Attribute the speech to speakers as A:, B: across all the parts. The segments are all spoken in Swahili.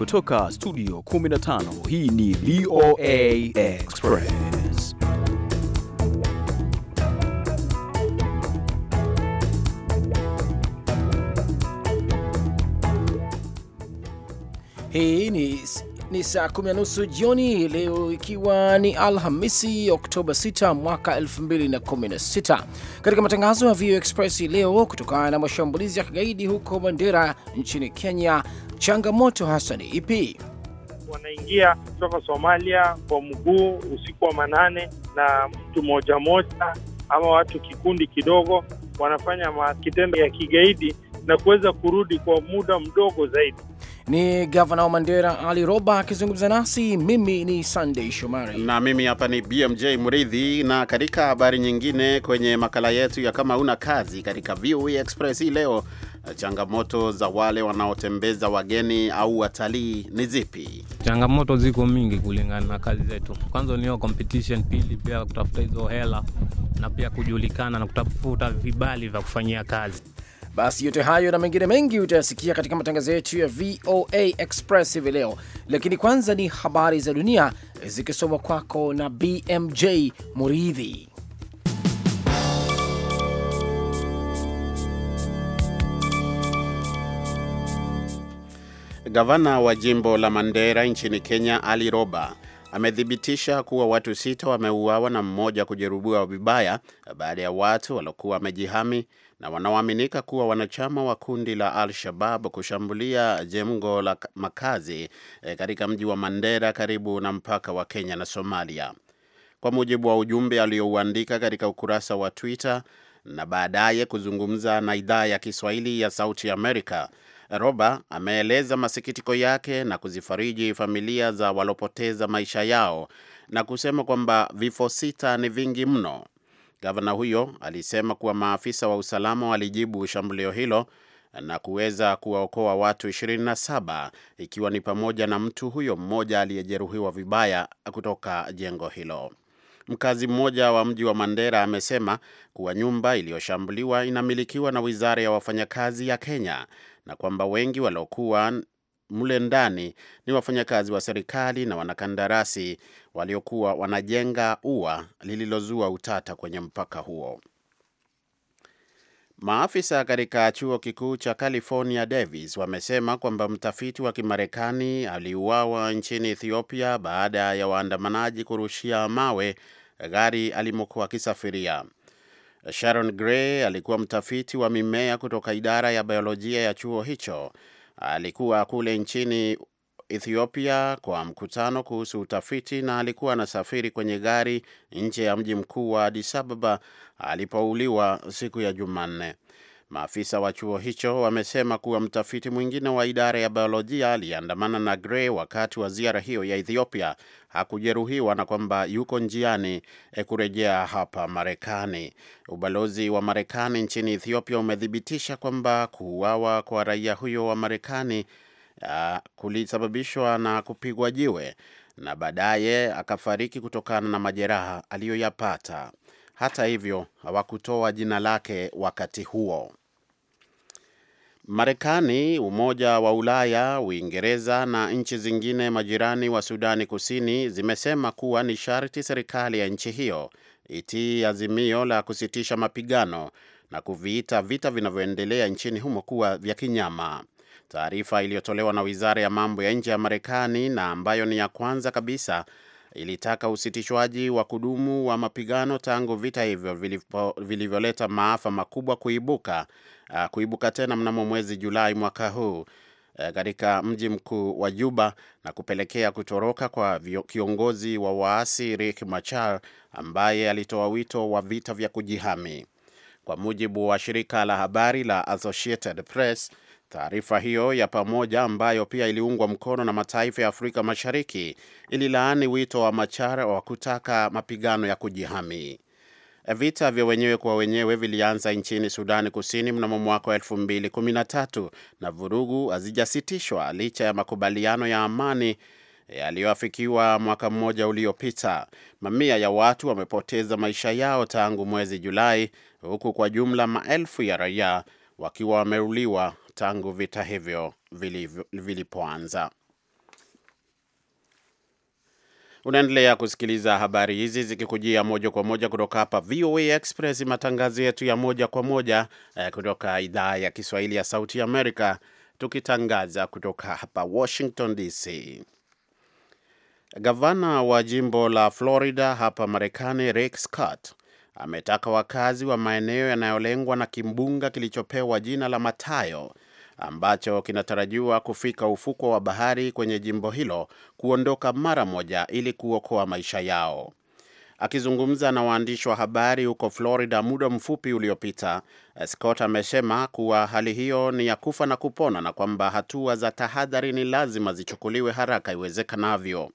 A: Kutoka studio 15 hii ni VOA Express. Hii ni, ni saa kumi na nusu jioni leo, ikiwa ni Alhamisi Oktoba 6 mwaka 2016. Katika matangazo ya VOA Express leo, kutokana na mashambulizi ya kigaidi huko Mandera nchini Kenya changamoto hasa ni ipi?
B: Wanaingia kutoka Somalia kwa mguu usiku wa manane, na mtu moja moja ama watu kikundi kidogo wanafanya kitendo ya kigaidi na kuweza kurudi
A: kwa muda mdogo zaidi. Ni gavana wa Mandera Ali Roba akizungumza nasi. Mimi ni Sunday Shomari
C: na mimi hapa ni BMJ Mridhi. Na katika habari nyingine, kwenye makala yetu ya kama una kazi katika VOA e Express hii leo Eh, changamoto za wale wanaotembeza wageni au watalii ni zipi?
D: Changamoto ziko mingi kulingana na kazi zetu. Kwanza ni competition, pili pia kutafuta hizo hela na pia kujulikana na kutafuta vibali vya kufanyia kazi.
A: Basi yote hayo na mengine mengi utayasikia katika matangazo yetu ya VOA Express hivi leo, lakini kwanza ni habari za dunia eh, zikisomwa kwako na BMJ Muridhi.
C: Gavana wa jimbo la Mandera nchini Kenya, Ali Roba, amethibitisha kuwa watu sita wameuawa na mmoja kujeruhiwa vibaya baada ya watu waliokuwa wamejihami na wanaoaminika kuwa wanachama wa kundi la Al-Shabab kushambulia jengo la makazi eh, katika mji wa Mandera karibu na mpaka wa Kenya na Somalia. Kwa mujibu wa ujumbe aliouandika katika ukurasa wa Twitter na baadaye kuzungumza na idhaa ya Kiswahili ya Sauti Amerika, Roba ameeleza masikitiko yake na kuzifariji familia za walopoteza maisha yao na kusema kwamba vifo sita ni vingi mno. Gavana huyo alisema kuwa maafisa wa usalama walijibu shambulio hilo na kuweza kuwaokoa watu 27 ikiwa ni pamoja na mtu huyo mmoja aliyejeruhiwa vibaya kutoka jengo hilo. Mkazi mmoja wa mji wa Mandera amesema kuwa nyumba iliyoshambuliwa inamilikiwa na Wizara ya Wafanyakazi ya Kenya na kwamba wengi waliokuwa mle ndani ni wafanyakazi wa serikali na wanakandarasi waliokuwa wanajenga ua lililozua utata kwenye mpaka huo. Maafisa katika chuo kikuu cha California Davis wamesema kwamba mtafiti wa Kimarekani aliuawa nchini Ethiopia baada ya waandamanaji kurushia mawe gari alimokuwa akisafiria. Sharon Gray alikuwa mtafiti wa mimea kutoka idara ya biolojia ya chuo hicho. Alikuwa kule nchini Ethiopia kwa mkutano kuhusu utafiti na alikuwa anasafiri kwenye gari nje ya mji mkuu wa Addis Ababa alipouliwa siku ya Jumanne. Maafisa wa chuo hicho wamesema kuwa mtafiti mwingine wa idara ya biolojia aliyeandamana na Gray wakati wa ziara hiyo ya Ethiopia hakujeruhiwa na kwamba yuko njiani eh, kurejea hapa Marekani. Ubalozi wa Marekani nchini Ethiopia umethibitisha kwamba kuuawa kwa raia huyo wa Marekani ah, kulisababishwa na kupigwa jiwe na baadaye akafariki kutokana na majeraha aliyoyapata. Hata hivyo, hawakutoa jina lake wakati huo. Marekani, Umoja wa Ulaya, Uingereza na nchi zingine majirani wa Sudani Kusini zimesema kuwa ni sharti serikali ya nchi hiyo itii azimio la kusitisha mapigano na kuviita vita vinavyoendelea nchini humo kuwa vya kinyama. Taarifa iliyotolewa na Wizara ya Mambo ya Nje ya Marekani na ambayo ni ya kwanza kabisa ilitaka usitishwaji wa kudumu wa mapigano tangu vita hivyo vilivyoleta maafa makubwa kuibuka, uh, kuibuka tena mnamo mwezi Julai mwaka huu uh, katika mji mkuu wa Juba na kupelekea kutoroka kwa kiongozi wa waasi Riek Machar ambaye alitoa wito wa vita vya kujihami. Kwa mujibu wa shirika la habari la Associated Press, Taarifa hiyo ya pamoja ambayo pia iliungwa mkono na mataifa ya Afrika Mashariki ililaani wito wa Machar wa kutaka mapigano ya kujihami. Vita vya wenyewe kwa wenyewe vilianza nchini Sudani Kusini mnamo mwaka wa 2013 na vurugu hazijasitishwa licha ya makubaliano ya amani yaliyoafikiwa mwaka mmoja uliopita. Mamia ya watu wamepoteza maisha yao tangu mwezi Julai, huku kwa jumla maelfu ya raia wakiwa wameuliwa tangu vita hivyo vilipoanza. Unaendelea kusikiliza habari hizi zikikujia moja kwa moja kutoka hapa VOA Express, matangazo yetu ya moja kwa moja eh, kutoka idhaa ya Kiswahili ya Sauti Amerika, tukitangaza kutoka hapa Washington DC. Gavana wa jimbo la Florida hapa Marekani, Rick Scott ametaka wakazi wa maeneo yanayolengwa na kimbunga kilichopewa jina la Matayo ambacho kinatarajiwa kufika ufukwa wa bahari kwenye jimbo hilo kuondoka mara moja ili kuokoa maisha yao. Akizungumza na waandishi wa habari huko Florida muda mfupi uliopita, Scott amesema kuwa hali hiyo ni ya kufa na kupona na kwamba hatua za tahadhari ni lazima zichukuliwe haraka iwezekanavyo.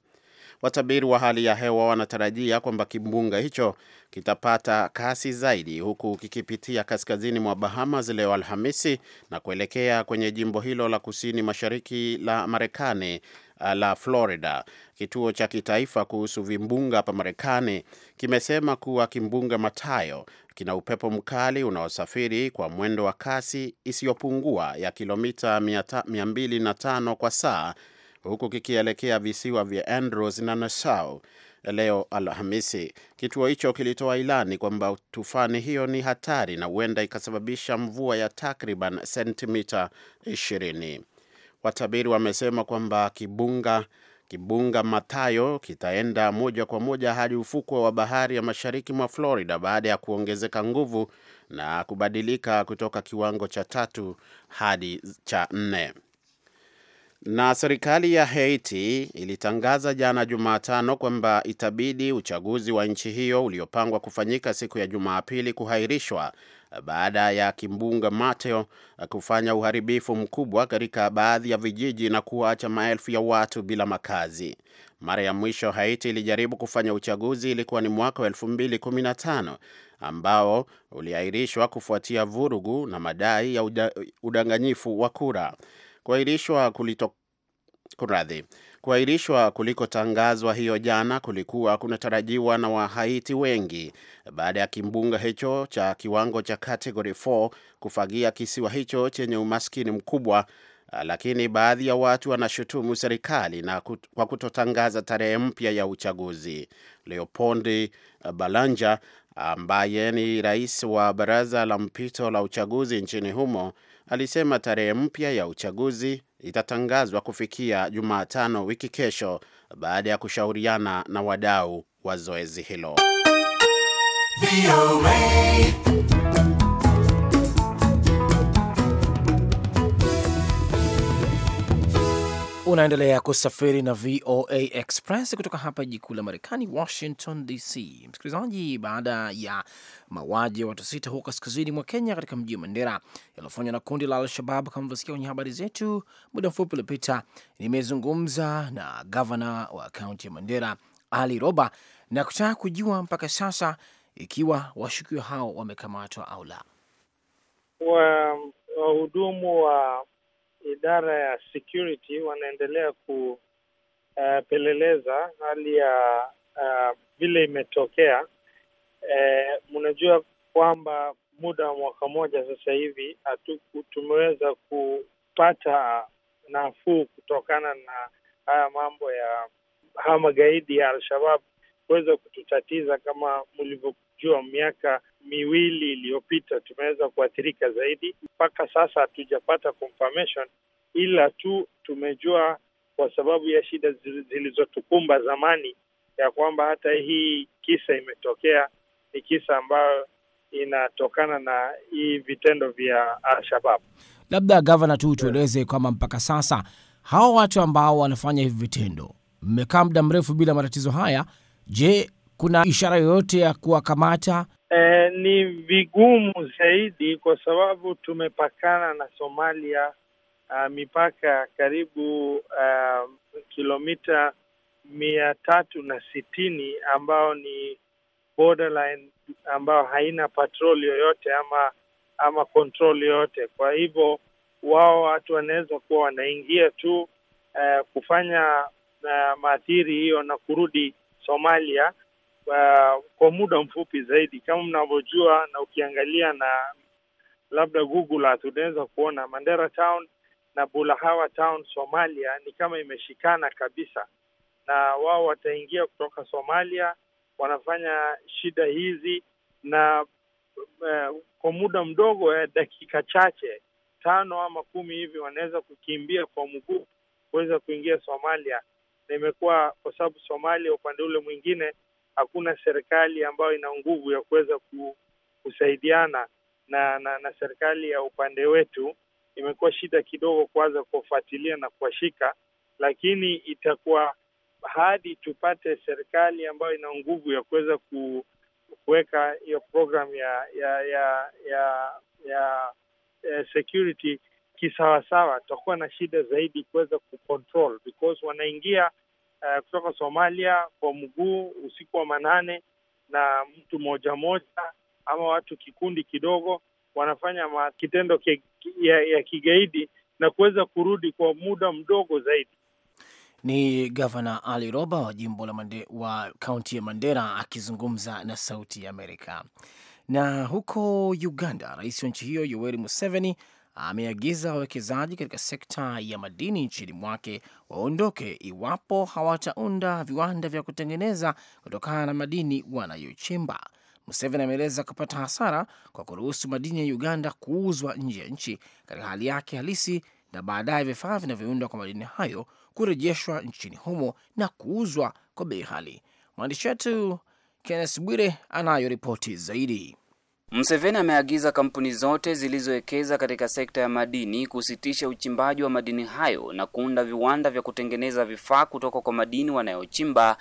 C: Watabiri wa hali ya hewa wanatarajia kwamba kimbunga hicho kitapata kasi zaidi huku kikipitia kaskazini mwa Bahamas leo Alhamisi na kuelekea kwenye jimbo hilo la kusini mashariki la Marekani ah, la Florida. Kituo cha kitaifa kuhusu vimbunga hapa Marekani kimesema kuwa kimbunga Matayo kina upepo mkali unaosafiri kwa mwendo wa kasi isiyopungua ya kilomita 205 kwa saa huku kikielekea visiwa vya Andros na Nassau leo Alhamisi. Kituo hicho kilitoa ilani kwamba tufani hiyo ni hatari na huenda ikasababisha mvua ya takriban sentimita 20. Watabiri wamesema kwamba kibunga Kibunga Matayo kitaenda moja kwa moja hadi ufukwe wa bahari ya mashariki mwa Florida baada ya kuongezeka nguvu na kubadilika kutoka kiwango cha tatu hadi cha nne. Na serikali ya Haiti ilitangaza jana Jumatano kwamba itabidi uchaguzi wa nchi hiyo uliopangwa kufanyika siku ya Jumapili kuhairishwa baada ya kimbunga Mateo kufanya uharibifu mkubwa katika baadhi ya vijiji na kuacha maelfu ya watu bila makazi. Mara ya mwisho Haiti ilijaribu kufanya uchaguzi ilikuwa ni mwaka wa 2015 ambao uliahirishwa kufuatia vurugu na madai ya udanganyifu wa kura kuahirishwa kulito Kuradhi, kuahirishwa kulikotangazwa hiyo jana kulikuwa kunatarajiwa na Wahaiti wengi baada ya kimbunga hicho cha kiwango cha category 4 kufagia kisiwa hicho chenye umaskini mkubwa, lakini baadhi ya watu wanashutumu serikali na kut, kwa kutotangaza tarehe mpya ya uchaguzi. leopondi Balanja ambaye ni rais wa baraza la mpito la uchaguzi nchini humo alisema tarehe mpya ya uchaguzi itatangazwa kufikia Jumatano wiki kesho baada ya kushauriana na wadau wa zoezi hilo.
A: Unaendelea kusafiri na VOA Express kutoka hapa jikuu la Marekani, Washington DC. Msikilizaji, baada ya mauaji ya watu sita huko kaskazini mwa Kenya katika mji wa Mandera yaliofanywa na kundi la Al-Shabab, kama vyosikia kwenye habari zetu muda mfupi uliopita, nimezungumza na gavana wa kaunti ya Mandera Ali Roba na kutaka kujua mpaka sasa ikiwa washukiwa hao wamekamatwa au la.
B: Wahudumu wa idara ya security wanaendelea kupeleleza eh, uh, hali ya uh, vile imetokea. Eh, mnajua kwamba muda wa mwaka mmoja sasa hivi tumeweza kupata nafuu kutokana na haya mambo ya haya magaidi ya Al-Shabab kuweza kututatiza. Kama mlivyojua, miaka miwili iliyopita tumeweza kuathirika zaidi. Mpaka sasa hatujapata confirmation, ila tu tumejua kwa sababu ya shida zilizotukumba zamani, ya kwamba hata hii kisa imetokea ni kisa ambayo inatokana na hii vitendo vya Alshabab.
A: Labda gavana tu tueleze kwamba mpaka sasa hawa watu ambao wanafanya hivi vitendo mmekaa muda mrefu bila matatizo haya Je, kuna ishara yoyote ya kuwakamata?
B: E, ni vigumu zaidi kwa sababu tumepakana na Somalia a, mipaka karibu kilomita mia tatu na sitini ambao ni borderline ambayo haina patrol yoyote ama ama control yoyote. Kwa hivyo wao watu wanaweza kuwa wanaingia tu uh, kufanya uh, maathiri hiyo na kurudi Somalia uh, kwa muda mfupi zaidi kama mnavyojua, na ukiangalia na labda Google Earth unaweza kuona Mandera Town na Bulahawa Town Somalia ni kama imeshikana kabisa, na wao wataingia kutoka Somalia, wanafanya shida hizi na uh, kwa muda mdogo ya eh, dakika chache tano ama kumi hivi wanaweza kukimbia kwa mguu kuweza kuingia Somalia na imekuwa kwa sababu Somalia upande ule mwingine hakuna serikali ambayo ina nguvu ya kuweza kusaidiana na, na na serikali ya upande wetu, imekuwa shida kidogo kuanza kufuatilia na kuwashika, lakini itakuwa hadi tupate serikali ambayo ina nguvu ya kuweza kuweka hiyo program ya ya ya ya, ya, ya eh, security kisawasawa, tutakuwa na shida zaidi kuweza kucontrol because wanaingia uh, kutoka Somalia kwa mguu usiku wa manane, na mtu moja moja ama watu kikundi kidogo wanafanya kitendo ke, ya, ya kigaidi na kuweza kurudi kwa muda mdogo zaidi.
A: Ni Gavana Ali Roba wa jimbo la mande, wa kaunti ya Mandera akizungumza na Sauti ya Amerika. Na huko Uganda, rais wa nchi hiyo Yoweri Museveni ameagiza wawekezaji katika sekta ya madini nchini mwake waondoke iwapo hawataunda viwanda vya kutengeneza kutokana na madini wanayochimba. Museveni ameeleza kupata hasara kwa kuruhusu madini ya Uganda kuuzwa nje ya nchi katika hali yake halisi, na baadaye vifaa vinavyoundwa kwa madini hayo kurejeshwa nchini humo na kuuzwa kwa bei ghali. Mwandishi wetu Kennes Bwire anayo ripoti zaidi
E: mseveni ameagiza kampuni zote zilizowekeza katika sekta ya madini kusitisha uchimbaji wa madini hayo na kuunda viwanda vya kutengeneza vifaa kutoka kwa madini wanayochimba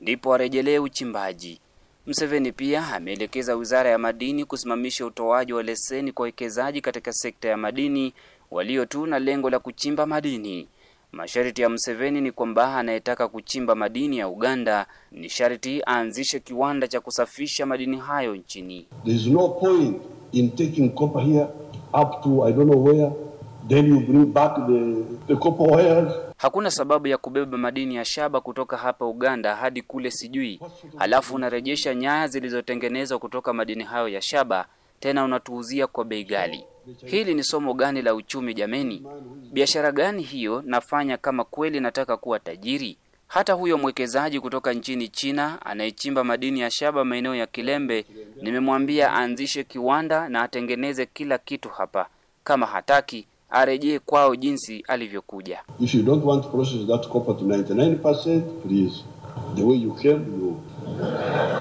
E: ndipo warejelee uchimbaji. mseveni pia ameelekeza Wizara ya Madini kusimamisha utoaji wa leseni kwa wekezaji katika sekta ya madini walio tu na lengo la kuchimba madini. Masharti ya mseveni ni kwamba anayetaka kuchimba madini ya Uganda ni sharti aanzishe kiwanda cha kusafisha madini hayo nchini. There is no point
F: in taking copper here up to I don't know where then you bring back the, the copper wires.
E: Hakuna sababu ya kubeba madini ya shaba kutoka hapa Uganda hadi kule sijui, halafu unarejesha nyaya zilizotengenezwa kutoka madini hayo ya shaba, tena unatuuzia kwa bei ghali. Hili ni somo gani la uchumi jameni? Biashara gani hiyo nafanya kama kweli nataka kuwa tajiri? Hata huyo mwekezaji kutoka nchini China anayechimba madini ya shaba maeneo ya Kilembe, nimemwambia aanzishe kiwanda na atengeneze kila kitu hapa. Kama hataki arejee kwao jinsi alivyokuja. If you don't want to process that copper to 99%, please. The way you came, you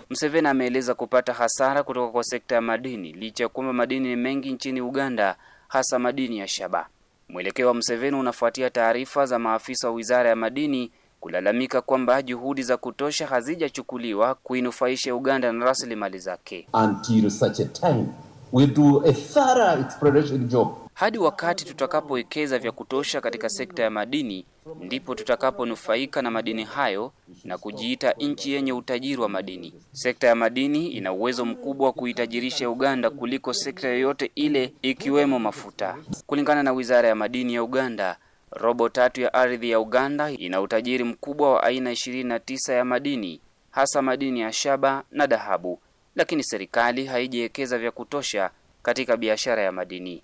E: mseveni ameeleza kupata hasara kutoka kwa sekta ya madini licha ya kwamba madini ni mengi nchini Uganda, hasa madini ya shaba. Mwelekeo wa mseveni unafuatia taarifa za maafisa wa wizara ya madini kulalamika kwamba juhudi za kutosha hazijachukuliwa kuinufaisha Uganda na rasilimali zake.
C: Until such a time we do a thorough exploration job.
E: Hadi wakati tutakapowekeza vya kutosha katika sekta ya madini ndipo tutakaponufaika na madini hayo na kujiita nchi yenye utajiri wa madini. Sekta ya madini ina uwezo mkubwa wa kuitajirisha Uganda kuliko sekta yoyote ile ikiwemo mafuta. Kulingana na Wizara ya Madini ya Uganda, robo tatu ya ardhi ya Uganda ina utajiri mkubwa wa aina 29 ya madini, hasa madini ya shaba na dhahabu, lakini serikali haijiwekeza vya kutosha katika biashara ya madini.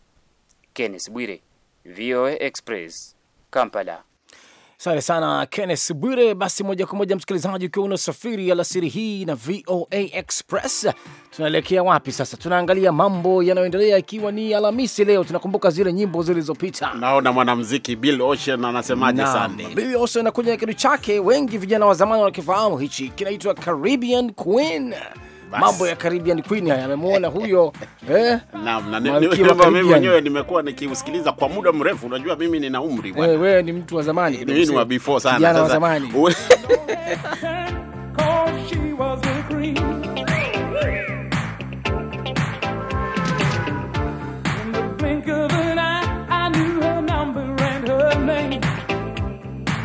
E: Kenneth Bwire, VOA Express, Kampala.
A: Asante sana Kenneth Bwire. Basi moja kwa moja, msikilizaji, ukiwa unasafiri alasiri hii na VOA Express, tunaelekea wapi sasa? Tunaangalia mambo yanayoendelea, ikiwa ni Alhamisi leo. Tunakumbuka zile nyimbo zilizopita.
C: Naona mwanamuziki Bill Ocean anasemaje? Sande,
A: Bill Ocean anakuja na kitu chake, wengi vijana wa zamani wanakifahamu hichi, kinaitwa Caribbean Queen mambo ya Caribbean Queen yamemwona huyo eh?
C: Naam, na mimi mwenyewe nimekuwa nikiusikiliza kwa muda mrefu. Unajua mimi nina umri bwana.
A: Wewe ni mtu wa zamani. Mimi ni wa before sana sasa. Wa zamani.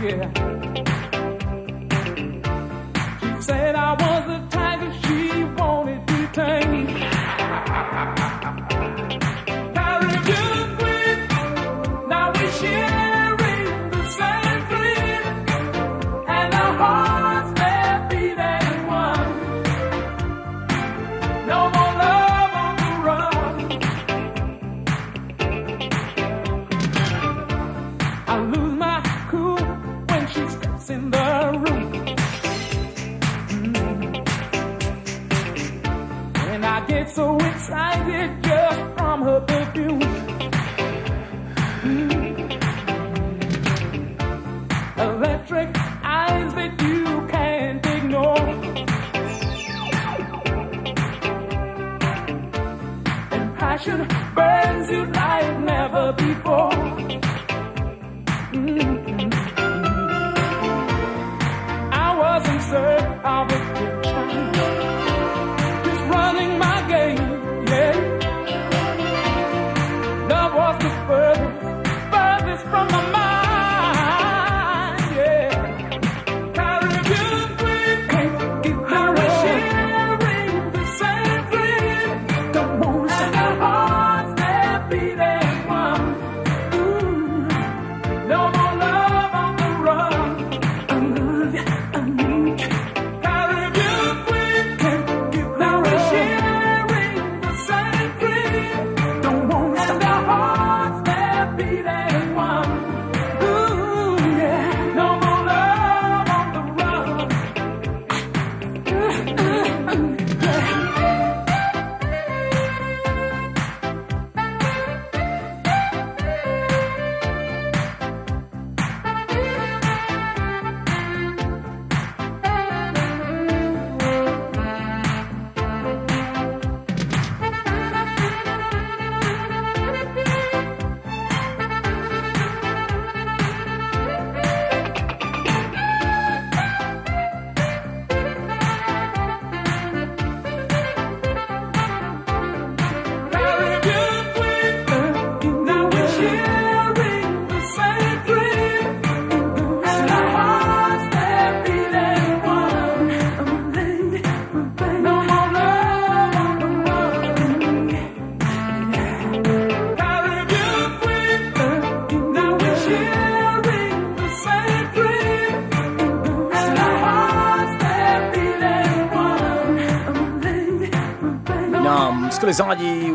G: Yeah. I lose my cool when she steps in the room. Mm. When I get so excited just from her perfume. Mm. Electric eyes that you can't ignore. And passion burns you like never before.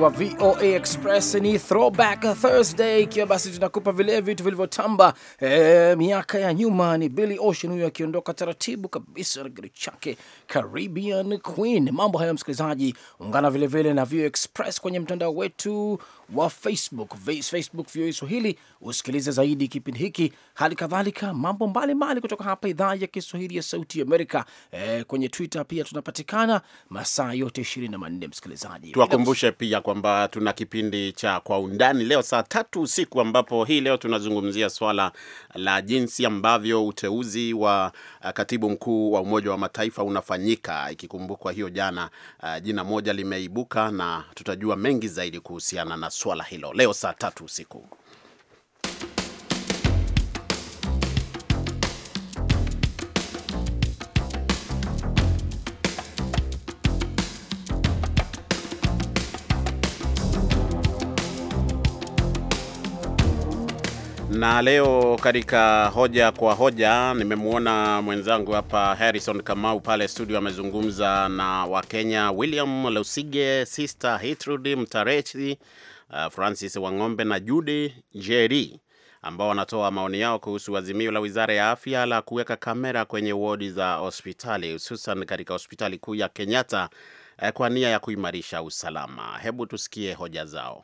A: wa VOA Express ni Throwback Thursday, ikiwa basi tunakupa vile vitu vilivyotamba e, miaka ya nyuma. Ni Billy Ocean huyo akiondoka taratibu kabisa na gari chake Caribbean Queen. Mambo hayo msikilizaji, ungana vilevile na VOA Express kwenye mtandao wetu wa Facebook, Facebook VOA Swahili. Usikilize zaidi kipindi hiki, hali kadhalika mambo mbalimbali kutoka hapa idhaa ya Kiswahili ya Sauti Amerika. E, kwenye Twitter pia tunapatikana masaa yote 24. Msikilizaji, tuwakumbushe
C: pia kwamba tuna kipindi cha Kwa Undani leo saa tatu usiku, ambapo hii leo tunazungumzia swala la jinsi ambavyo uteuzi wa uh, katibu mkuu wa Umoja wa Mataifa unafanyika, ikikumbukwa hiyo jana, uh, jina moja limeibuka na tutajua mengi zaidi kuhusiana na swala hilo leo saa tatu usiku. Na leo katika hoja kwa hoja nimemwona mwenzangu hapa Harrison Kamau pale studio, amezungumza na Wakenya William Lusige, Sister Hitrudi Mtarechi Uh, Francis Wang'ombe na Judy Njeri ambao wanatoa maoni yao kuhusu azimio la Wizara ya Afya la kuweka kamera kwenye wodi za hospitali hususan katika hospitali kuu ya Kenyatta eh, kwa nia ya kuimarisha usalama. Hebu tusikie hoja zao.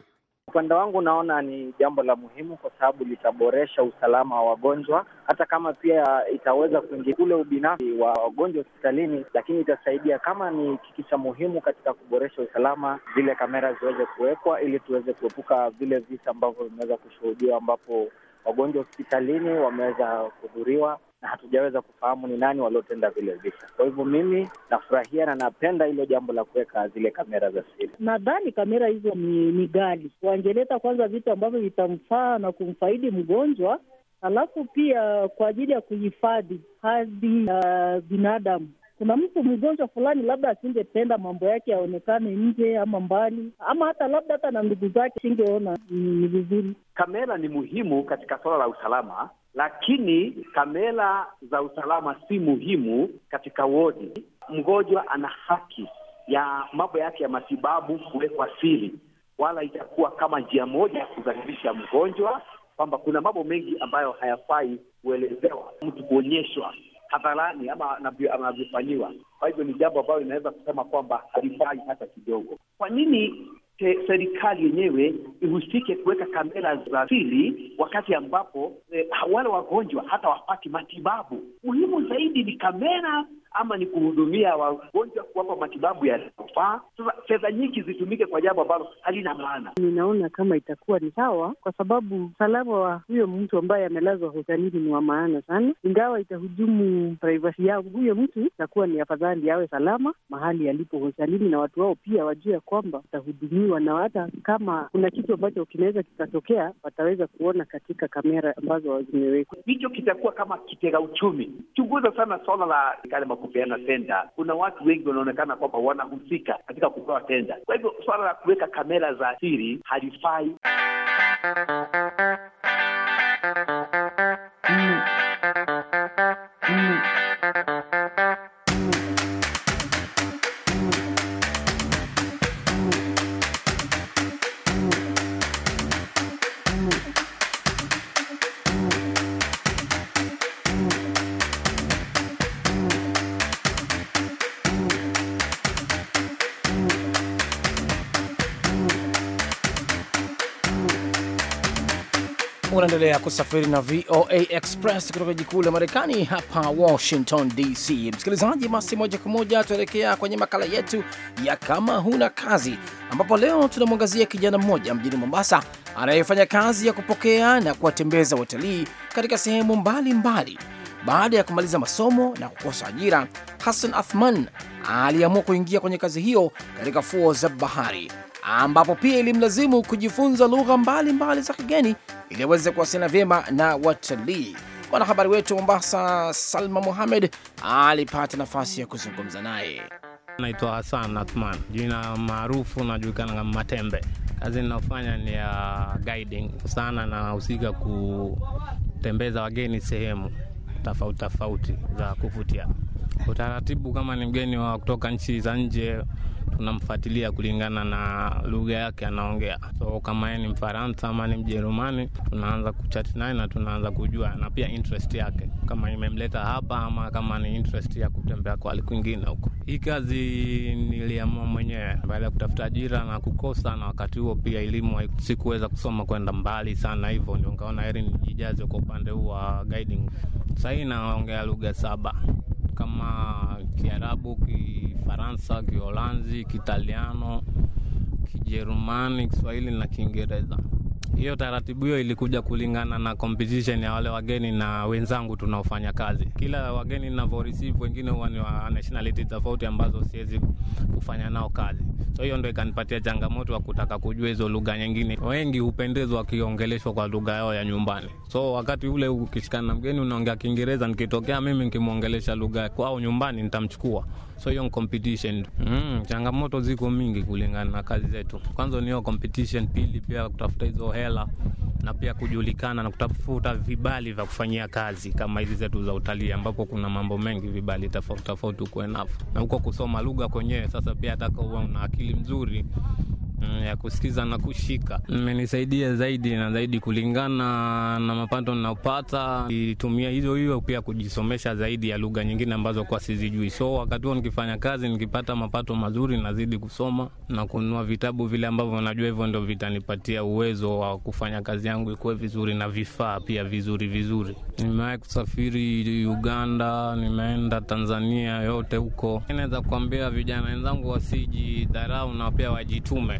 F: Upande wangu naona ni jambo la muhimu kwa sababu litaboresha usalama wa wagonjwa, hata kama pia itaweza kuingia ule ubinafsi wa wagonjwa hospitalini, lakini itasaidia kama ni kitu cha muhimu katika kuboresha usalama, zile kamera ziweze kuwekwa ili tuweze kuepuka vile visa ambavyo vimeweza kushuhudiwa, ambapo wagonjwa hospitalini wameweza kuhudhuriwa na hatujaweza kufahamu ni nani waliotenda vile visa. Kwa hivyo mimi nafurahia na napenda hilo jambo la kuweka zile kamera za siri. Nadhani kamera hizo ni, ni gali, Wangeleta kwanza vitu ambavyo vitamfaa na kumfaidi mgonjwa, alafu pia kwa ajili ya kuhifadhi hadhi ya uh, binadamu kuna mtu mgonjwa fulani labda asingependa mambo yake yaonekane nje ama mbali ama hata labda hata na ndugu zake asingeona ni vizuri. Kamera ni muhimu katika suala la usalama, lakini kamera za usalama si muhimu katika wodi. Mgonjwa ana haki ya mambo yake ya matibabu kuwekwa siri, wala itakuwa kama njia moja ya kudhalilisha mgonjwa, kwamba kuna mambo mengi ambayo hayafai kuelezewa mtu, kuonyeshwa hadharani ama anavyofanyiwa. Kwa hivyo ni jambo ambayo inaweza kusema kwamba halifai hata kidogo. Kwa nini serikali yenyewe ihusike kuweka kamera za siri, wakati ambapo eh, wale wagonjwa hata wapati matibabu. Muhimu zaidi ni kamera ama ni kuhudumia wagonjwa, kuwapa matibabu yanayofaa. Sasa fedha nyingi zitumike kwa jambo ambalo halina maana. Ninaona kama itakuwa ni sawa, kwa sababu usalama wa huyo mtu ambaye amelazwa hospitalini ni wa maana sana. Ingawa itahujumu privasi ya huyo mtu, itakuwa ni afadhali awe salama mahali alipo hospitalini, na watu wao pia wajue ya kwamba watahudumiwa, na hata kama kuna kitu ambacho kinaweza kikatokea, wataweza kuona katika kamera ambazo zimewekwa. Hicho kitakuwa kama kitega uchumi. Chunguza sana swala la kupeana tenda, kuna watu wengi wanaonekana kwamba wanahusika katika kupewa tenda. Kwa hivyo swala la kuweka kamera za siri halifai. Mm. Mm.
A: unaendelea kusafiri na VOA Express kutoka jiji kuu la Marekani hapa Washington DC. Msikilizaji, basi moja kwa moja tuelekea kwenye makala yetu ya kama huna kazi, ambapo leo tunamwangazia kijana mmoja mjini Mombasa anayefanya kazi ya kupokea na kuwatembeza watalii katika sehemu mbalimbali. Baada ya kumaliza masomo na kukosa ajira, Hassan Athman aliamua kuingia kwenye kazi hiyo katika fuo za bahari ambapo pia ilimlazimu kujifunza lugha mbalimbali za kigeni ili aweze kuwasiliana vyema na watalii. Mwanahabari wetu Mombasa, Salma muhamed alipata nafasi ya kuzungumza naye.
D: Naitwa Hasan Atman, jina maarufu najulikana kama Matembe. Kazi ninayofanya ni ya uh, guiding sana, nahusika kutembeza wageni sehemu tofauti tofauti za kuvutia. Utaratibu kama ni mgeni wa kutoka nchi za nje tunamfuatilia kulingana na lugha yake anaongea. So kama yeye ni Mfaransa ama ni Mjerumani, tunaanza kuchat naye na tunaanza kujua, na pia interest yake kama imemleta hapa ama kama ni interest ya kutembea kwali kwingine huko. Hii kazi niliamua mwenyewe baada ya kutafuta ajira na kukosa, na wakati huo pia elimu sikuweza kusoma kwenda mbali sana, hivyo ndio nikaona heri nijijaze kwa upande huu wa guiding. Sahii naongea lugha saba kama Kiarabu, Kifaransa, Kiholanzi, Kitaliano, Kijerumani, Kiswahili na Kiingereza hiyo taratibu hiyo ilikuja kulingana na competition ya wale wageni na wenzangu tunaofanya kazi. Kila wageni ninavyo receive, wengine huwa ni wa nationality tofauti ambazo siwezi kufanya nao kazi, so hiyo ndo ikanipatia changamoto ya kutaka kujua hizo lugha nyingine. Wengi hupendezwa wakiongeleshwa kwa lugha yao ya nyumbani, so wakati ule ukishikana na mgeni unaongea Kiingereza, nikitokea mimi nkimwongelesha lugha kwao nyumbani, nitamchukua so hiyo competition mm, changamoto ziko mingi kulingana na kazi zetu. Kwanza ni hiyo competition, pili pia kutafuta hizo hela na pia kujulikana na kutafuta vibali vya kufanyia kazi kama hizi zetu za utalii, ambapo kuna mambo mengi vibali tofauti tofauti huko na huko kusoma lugha kwenyewe. Sasa pia hata kwa una akili mzuri Mm, ya kusikiza na kushika imenisaidia zaidi na zaidi, kulingana na mapato ninayopata, ilitumia hizo hiyo pia kujisomesha zaidi ya lugha nyingine ambazo kwa sizijui. So wakati huo nikifanya kazi, nikipata mapato mazuri, nazidi kusoma na kununua vitabu vile ambavyo najua hivyo ndo vitanipatia uwezo wa kufanya kazi yangu ikuwe vizuri, na vifaa pia vizuri vizuri. Nimewahi kusafiri Uganda, nimeenda Tanzania, yote huko. Naweza kuambia vijana wenzangu wasijidharau na pia wajitume.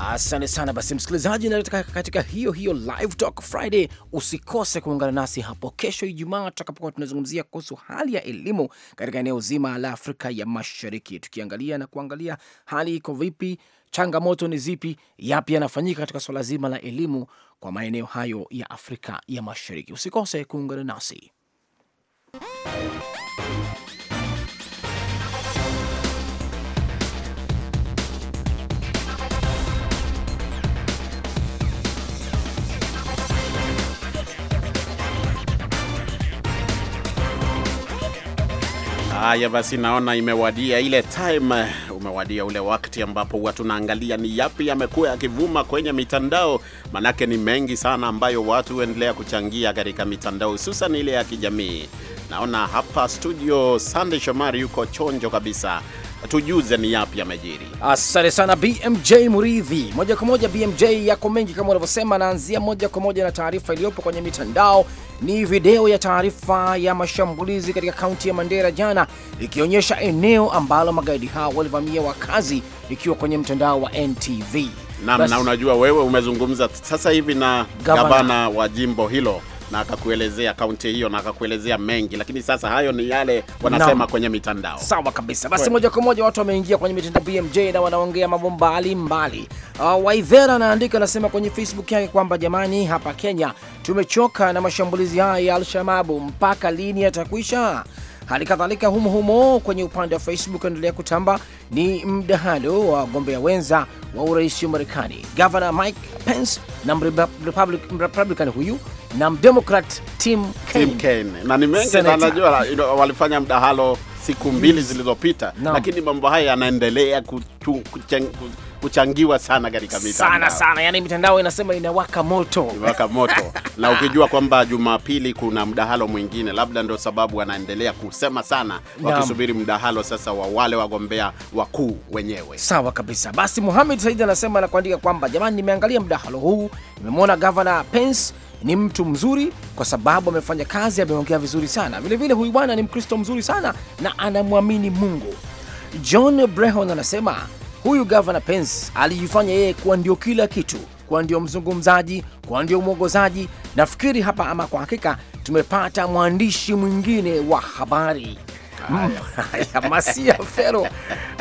A: Asante sana basi msikilizaji, na katika hiyo hiyo Live Talk Friday, usikose kuungana nasi hapo kesho Ijumaa tutakapokuwa tunazungumzia kuhusu hali ya elimu katika eneo zima la Afrika ya Mashariki, tukiangalia na kuangalia hali iko vipi, changamoto ni zipi, yapi yanafanyika katika swala zima la elimu kwa maeneo hayo ya Afrika ya Mashariki. Usikose kuungana nasi.
C: Haya basi, naona imewadia ile time, umewadia ule wakati ambapo watu naangalia ni yapi yamekuwa yakivuma kwenye mitandao, manake ni mengi sana ambayo watu huendelea kuchangia katika mitandao, hususan ile ya kijamii. Naona hapa studio Sande Shomari yuko chonjo kabisa, tujuze ni yapi yamejiri. Asante
A: sana BMJ Muridhi. Moja kwa moja BMJ, yako mengi kama unavyosema. Naanzia moja kwa moja na taarifa iliyopo kwenye mitandao ni video ya taarifa ya mashambulizi katika kaunti ya Mandera jana, ikionyesha eneo ambalo magaidi hao walivamia wakazi, ikiwa kwenye mtandao wa NTV. Naam, na
C: unajua wewe umezungumza sasa hivi na gavana, gavana wa jimbo hilo na akakuelezea kaunti hiyo na akakuelezea mengi, lakini sasa hayo ni yale wanasema no. kwenye mitandao. Sawa kabisa. Basi moja
A: kwa moja watu wameingia kwenye mitandao BMJ na wanaongea mambo mbalimbali. Uh, ah, Waivera anaandika anasema kwenye Facebook yake kwamba jamani, hapa Kenya tumechoka na mashambulizi haya ya Alshababu, mpaka lini yatakwisha? Hali kadhalika humo humo kwenye upande wa Facebook unaendelea kutamba ni mdahalo wa wagombea wenza wa urais wa Marekani, Governor Mike Pence na Republican huyu na Democrat Tim
C: Kaine. Tim Kaine. Na ni mengi najua walifanya mdahalo siku mbili zilizopita no. Lakini mambo haya yanaendelea kuchangiwa sana katika mitandao sana sana,
A: yani mitandao inasema inawaka moto,
C: inawaka moto na ukijua kwamba Jumapili kuna mdahalo mwingine, labda ndio sababu wanaendelea kusema sana wakisubiri mdahalo sasa wa wale wagombea wakuu wenyewe.
A: Sawa kabisa. Basi muhamed Said anasema na kuandika kwamba jamani, nimeangalia mdahalo huu, nimemwona gavana Pence ni mtu mzuri kwa sababu amefanya kazi, ameongea vizuri sana. Vilevile huyu bwana ni Mkristo mzuri sana na anamwamini Mungu. John Brehon anasema huyu Gavana Pence alijifanya yeye kuwa ndio kila kitu, kuwa ndio mzungumzaji, kuwa ndio mwongozaji. Nafikiri hapa ama kwa hakika tumepata mwandishi mwingine wa habari. Masia Fero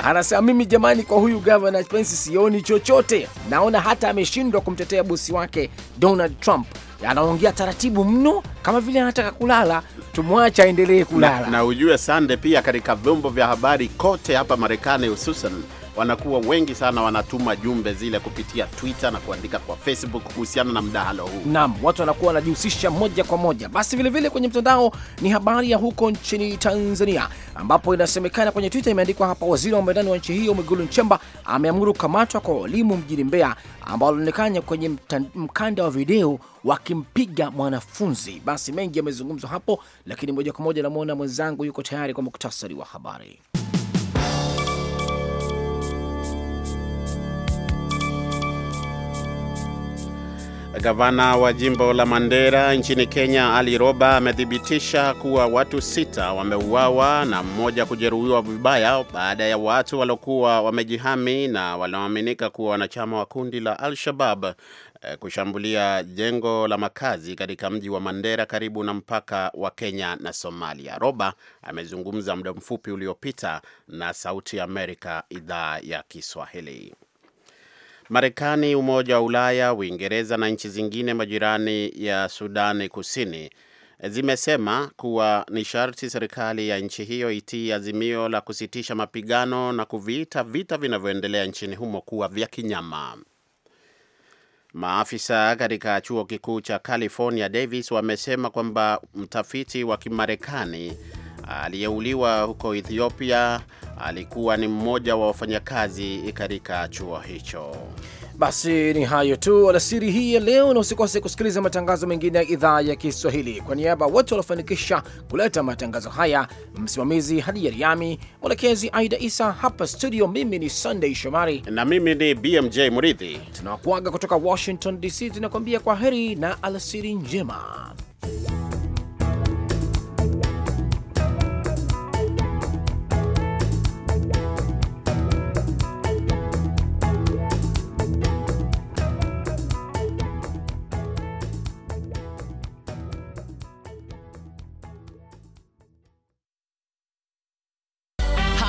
A: anasema mimi, jamani, kwa huyu Gavana Pence sioni chochote, naona hata ameshindwa kumtetea bosi wake Donald Trump. Anaongea taratibu mno, kama vile anataka kulala. tumwacha aendelee kulala na,
C: na ujue sande, pia katika vyombo vya habari kote hapa Marekani hususan wanakuwa wengi sana, wanatuma jumbe zile kupitia Twitter na kuandika kwa Facebook kuhusiana na mdahalo huu.
A: Naam, watu wanakuwa wanajihusisha moja kwa moja. Basi vilevile vile kwenye mtandao ni habari ya huko nchini Tanzania, ambapo inasemekana kwenye Twitter imeandikwa hapa, waziri wa mambo ya ndani wa nchi hiyo Mwigulu Nchemba ameamuru kamatwa kwa walimu mjini Mbeya ambao walionekana kwenye mkanda wa video wakimpiga mwanafunzi. Basi mengi yamezungumzwa hapo, lakini moja kwa moja namwona mwenzangu yuko tayari kwa muktasari wa habari.
C: Gavana wa jimbo la Mandera nchini Kenya, Ali Roba, amethibitisha kuwa watu sita wameuawa na mmoja kujeruhiwa vibaya baada ya watu waliokuwa wamejihami na wanaoaminika kuwa wanachama wa kundi la Al-Shabab eh, kushambulia jengo la makazi katika mji wa Mandera karibu na mpaka wa Kenya na Somalia. Roba amezungumza muda mfupi uliopita na Sauti ya Amerika idhaa ya Kiswahili. Marekani, Umoja wa Ulaya, Uingereza na nchi zingine majirani ya Sudani Kusini zimesema kuwa ni sharti serikali ya nchi hiyo itii azimio la kusitisha mapigano na kuviita vita vinavyoendelea nchini humo kuwa vya kinyama. Maafisa katika chuo kikuu cha California Davis wamesema kwamba mtafiti wa Kimarekani aliyeuliwa huko Ethiopia alikuwa ni mmoja wa wafanyakazi katika chuo hicho. Basi
A: ni hayo tu alasiri hii ya leo, na usikose kusikiliza matangazo mengine ya idhaa ya Kiswahili. Kwa niaba ya wote waliofanikisha kuleta matangazo haya, msimamizi hadi Riami, mwelekezi Aida Isa hapa studio, mimi ni Sunday Shomari
C: na mimi ni BMJ Muridhi,
A: tunawakuaga kutoka Washington DC, tunakuambia kwa heri na alasiri njema.